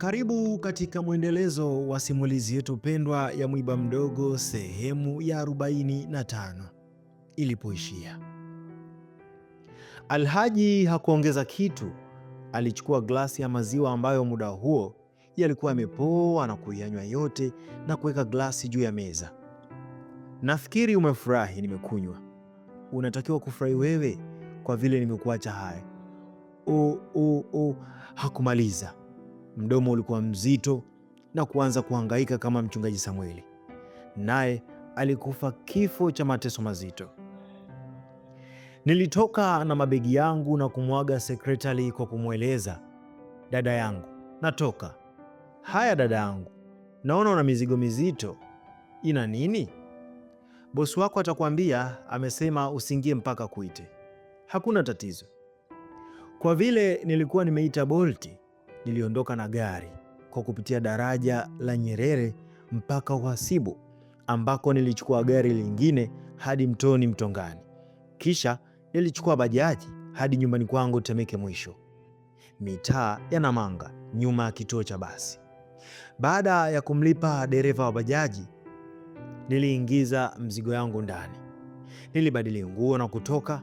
Karibu katika mwendelezo wa simulizi yetu pendwa ya Mwiba Mdogo sehemu ya 45 ilipoishia. Alhaji hakuongeza kitu. Alichukua glasi ya maziwa ambayo muda huo yalikuwa yamepoa na kuyanywa yote na kuweka glasi juu ya meza. Nafikiri umefurahi nimekunywa. Unatakiwa kufurahi wewe kwa vile nimekuacha haya O, o, o, hakumaliza Mdomo ulikuwa mzito na kuanza kuhangaika kama mchungaji Samueli, naye alikufa kifo cha mateso mazito. Nilitoka na mabegi yangu na kumwaga sekretari kwa kumweleza, dada yangu, natoka. Haya dada yangu, naona una mizigo mizito, ina nini? Bosi wako atakwambia, amesema usingie mpaka kuite. Hakuna tatizo. Kwa vile nilikuwa nimeita bolti, niliondoka na gari kwa kupitia daraja la Nyerere mpaka Uhasibu ambako nilichukua gari lingine hadi mtoni Mtongani, kisha nilichukua bajaji hadi nyumbani kwangu Temeke. Mwisho mitaa ya Namanga, nyuma ya kituo cha basi. Baada ya kumlipa dereva wa bajaji, niliingiza mzigo yangu ndani, nilibadili nguo na kutoka.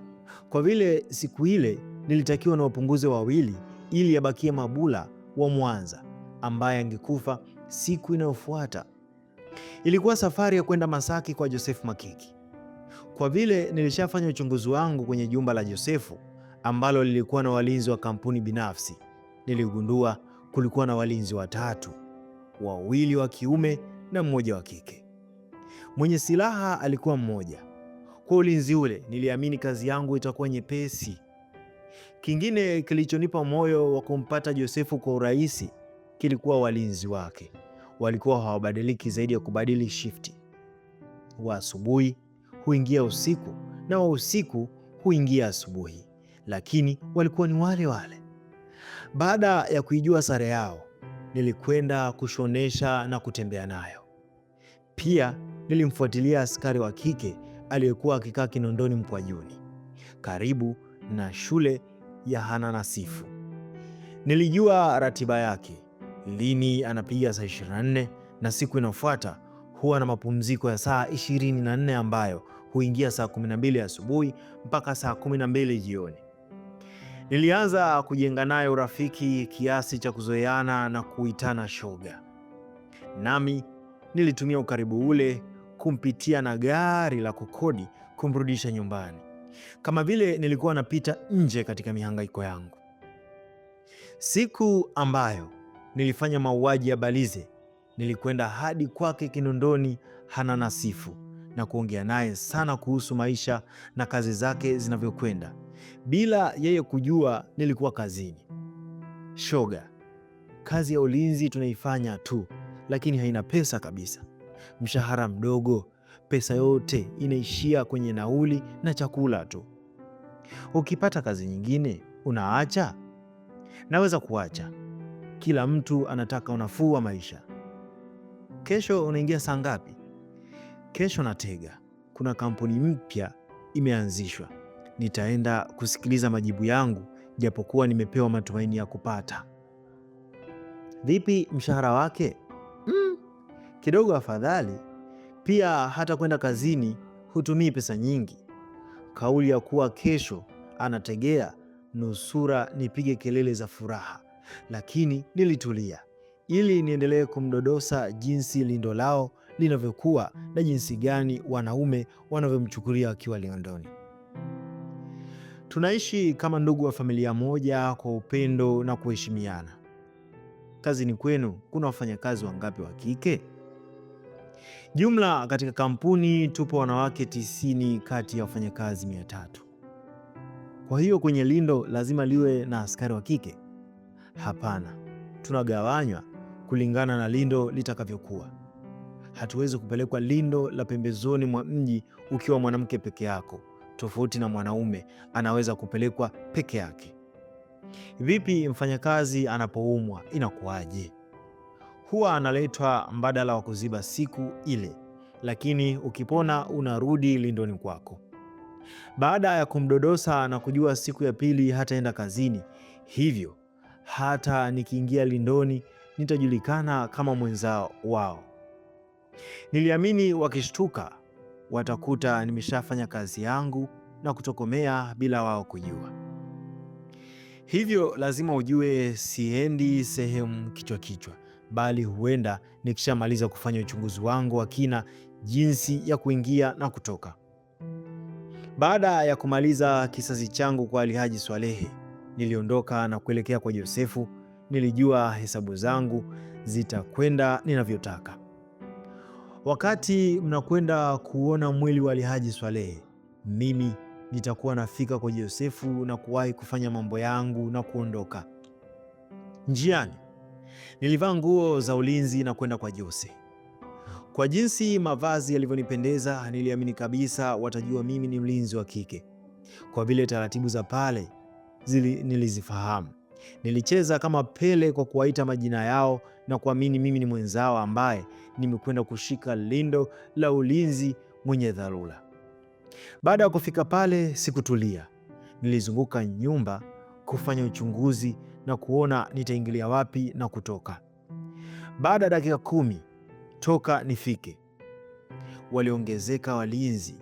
Kwa vile siku ile nilitakiwa na wapunguze wawili ili abakie Mabula wa Mwanza ambaye angekufa siku inayofuata. Ilikuwa safari ya kwenda Masaki kwa Josefu Makiki. Kwa vile nilishafanya uchunguzi wangu kwenye jumba la Josefu ambalo lilikuwa na walinzi wa kampuni binafsi, niligundua kulikuwa na walinzi watatu, wawili wa kiume na mmoja wa kike. Mwenye silaha alikuwa mmoja. Kwa ulinzi ule, niliamini kazi yangu itakuwa nyepesi. Kingine kilichonipa moyo wa kumpata Josefu kwa urahisi kilikuwa walinzi wake. Walikuwa hawabadiliki zaidi ya kubadili shifti. Wa asubuhi huingia usiku na wa usiku huingia asubuhi, lakini walikuwa ni wale wale. Baada ya kuijua sare yao, nilikwenda kushonesha na kutembea nayo. Pia nilimfuatilia askari wa kike aliyekuwa akikaa Kinondoni Mkwajuni, karibu na shule ya Nasifu. Nilijua ratiba yake, lini anapiga saa 24 na siku inayofuata huwa na mapumziko ya saa 24 ambayo huingia saa 12 asubuhi mpaka saa 12 jioni. Nilianza kujenga naye urafiki kiasi cha kuzoeana na kuitana shoga, nami nilitumia ukaribu ule kumpitia na gari la kukodi kumrudisha nyumbani kama vile nilikuwa napita nje katika mihangaiko yangu. Siku ambayo nilifanya mauaji ya Balize, nilikwenda hadi kwake Kinondoni hana nasifu na kuongea naye sana kuhusu maisha na kazi zake zinavyokwenda, bila yeye kujua nilikuwa kazini. Shoga, kazi ya ulinzi tunaifanya tu, lakini haina pesa kabisa, mshahara mdogo pesa yote inaishia kwenye nauli na chakula tu. Ukipata kazi nyingine unaacha? Naweza kuacha. Kila mtu anataka unafuu wa maisha. Kesho unaingia saa ngapi? Kesho natega, kuna kampuni mpya imeanzishwa. Nitaenda kusikiliza majibu yangu, japokuwa nimepewa matumaini ya kupata. Vipi mshahara wake? Mm, kidogo afadhali pia hata kwenda kazini hutumii pesa nyingi. Kauli ya kuwa kesho anategea nusura nipige kelele za furaha, lakini nilitulia ili niendelee kumdodosa jinsi lindo lao linavyokuwa na jinsi gani wanaume wanavyomchukulia wakiwa liondoni. Tunaishi kama ndugu wa familia moja kwa upendo na kuheshimiana. Kazini kwenu kuna wafanyakazi wangapi wa kike? Jumla katika kampuni tupo wanawake tisini kati ya wafanyakazi mia tatu. Kwa hiyo kwenye lindo lazima liwe na askari wa kike? Hapana, tunagawanywa kulingana na lindo litakavyokuwa. Hatuwezi kupelekwa lindo la pembezoni mwa mji ukiwa mwanamke peke yako, tofauti na mwanaume anaweza kupelekwa peke yake. Vipi mfanyakazi anapoumwa inakuwaje? huwa analetwa mbadala wa kuziba siku ile, lakini ukipona unarudi lindoni kwako. Baada ya kumdodosa na kujua siku ya pili hataenda kazini, hivyo hata nikiingia lindoni nitajulikana kama mwenzao wao. Niliamini wakishtuka watakuta nimeshafanya kazi yangu na kutokomea bila wao kujua. Hivyo lazima ujue siendi sehemu kichwa kichwa bali huenda nikishamaliza kufanya uchunguzi wangu wa kina jinsi ya kuingia na kutoka. Baada ya kumaliza kisasi changu kwa Alhaji Swalehe, niliondoka na kuelekea kwa Josefu. Nilijua hesabu zangu zitakwenda ninavyotaka. Wakati mnakwenda kuona mwili wa Alhaji Swalehe, mimi nitakuwa nafika kwa Josefu na kuwahi kufanya mambo yangu na kuondoka. Njiani Nilivaa nguo za ulinzi na kwenda kwa Jose. Kwa jinsi mavazi yalivyonipendeza, niliamini kabisa watajua mimi ni mlinzi wa kike. Kwa vile taratibu za pale zili nilizifahamu, nilicheza kama Pele kwa kuwaita majina yao na kuamini mimi ni mwenzao ambaye nimekwenda kushika lindo la ulinzi mwenye dharura. Baada ya kufika pale, sikutulia. Nilizunguka nyumba kufanya uchunguzi na kuona nitaingilia wapi na kutoka. Baada ya dakika kumi toka nifike, waliongezeka walinzi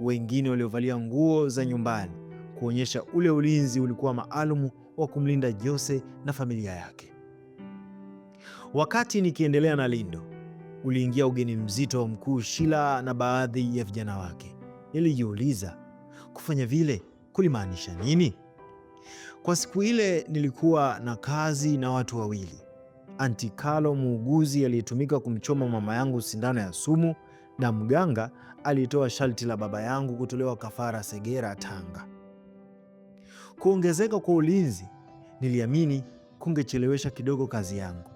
wengine waliovalia nguo za nyumbani kuonyesha ule ulinzi ulikuwa maalumu wa kumlinda Jose na familia yake. Wakati nikiendelea na lindo, uliingia ugeni mzito wa mkuu Shila na baadhi ya vijana wake. Nilijiuliza kufanya vile kulimaanisha nini? Kwa siku ile nilikuwa na kazi na watu wawili, Anti Carlo, muuguzi aliyetumika kumchoma mama yangu sindano ya sumu, na mganga alitoa sharti la baba yangu kutolewa kafara Segera, Tanga. Kuongezeka kwa ulinzi niliamini kungechelewesha kidogo kazi yangu,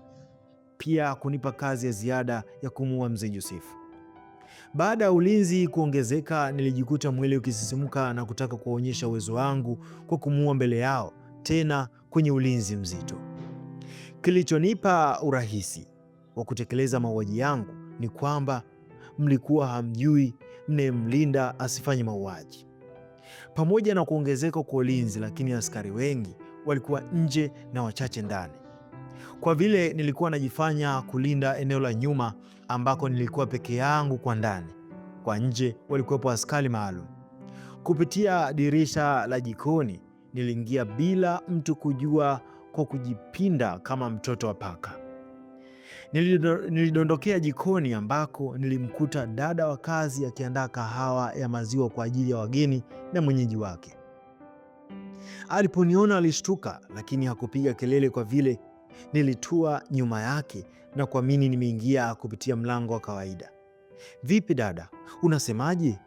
pia kunipa kazi ya ziada ya kumuua mzee Josefu. Baada ya ulinzi kuongezeka, nilijikuta mwili ukisisimuka na kutaka kuwaonyesha uwezo wangu kwa kumuua mbele yao, tena kwenye ulinzi mzito. Kilichonipa urahisi wa kutekeleza mauaji yangu ni kwamba mlikuwa hamjui mnayemlinda asifanye mauaji. Pamoja na kuongezeka kwa ulinzi, lakini askari wengi walikuwa nje na wachache ndani. Kwa vile nilikuwa najifanya kulinda eneo la nyuma ambako nilikuwa peke yangu kwa ndani, kwa nje walikuwepo askari maalum. Kupitia dirisha la jikoni niliingia bila mtu kujua, kwa kujipinda kama mtoto wa paka. Nilidondokea jikoni ambako nilimkuta dada wa kazi akiandaa kahawa ya maziwa kwa ajili ya wageni na mwenyeji wake. Aliponiona alishtuka, lakini hakupiga kelele kwa vile nilitua nyuma yake na kuamini nimeingia kupitia mlango wa kawaida. Vipi dada, unasemaje?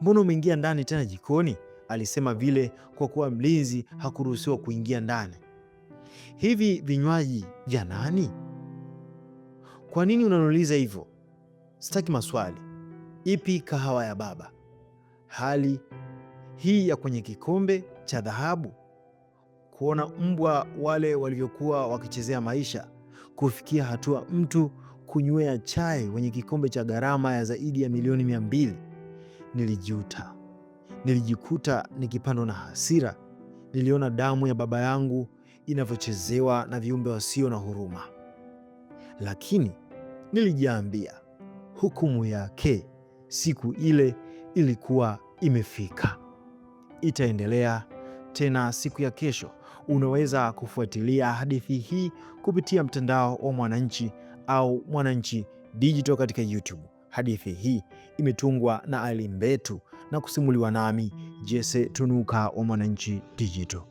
Mbona umeingia ndani tena jikoni? alisema vile kwa kuwa mlinzi hakuruhusiwa kuingia ndani. Hivi vinywaji vya nani? Kwa nini unaniuliza hivyo? Sitaki maswali. Ipi kahawa ya baba? Hali hii ya kwenye kikombe cha dhahabu, kuona mbwa wale walivyokuwa wakichezea maisha, kufikia hatua mtu kunywea chai kwenye kikombe cha gharama ya zaidi ya milioni mia mbili. Nilijuta. Nilijikuta nikipandwa na hasira. Niliona damu ya baba yangu inavyochezewa na viumbe wasio na huruma, lakini nilijiambia, hukumu yake siku ile ilikuwa imefika. Itaendelea tena siku ya kesho. Unaweza kufuatilia hadithi hii kupitia mtandao wa Mwananchi au Mwananchi Digital katika YouTube. Hadithi hii imetungwa na Ali Mbetu na kusimuliwa nami Jesse Tunuka wa Mwananchi Digital.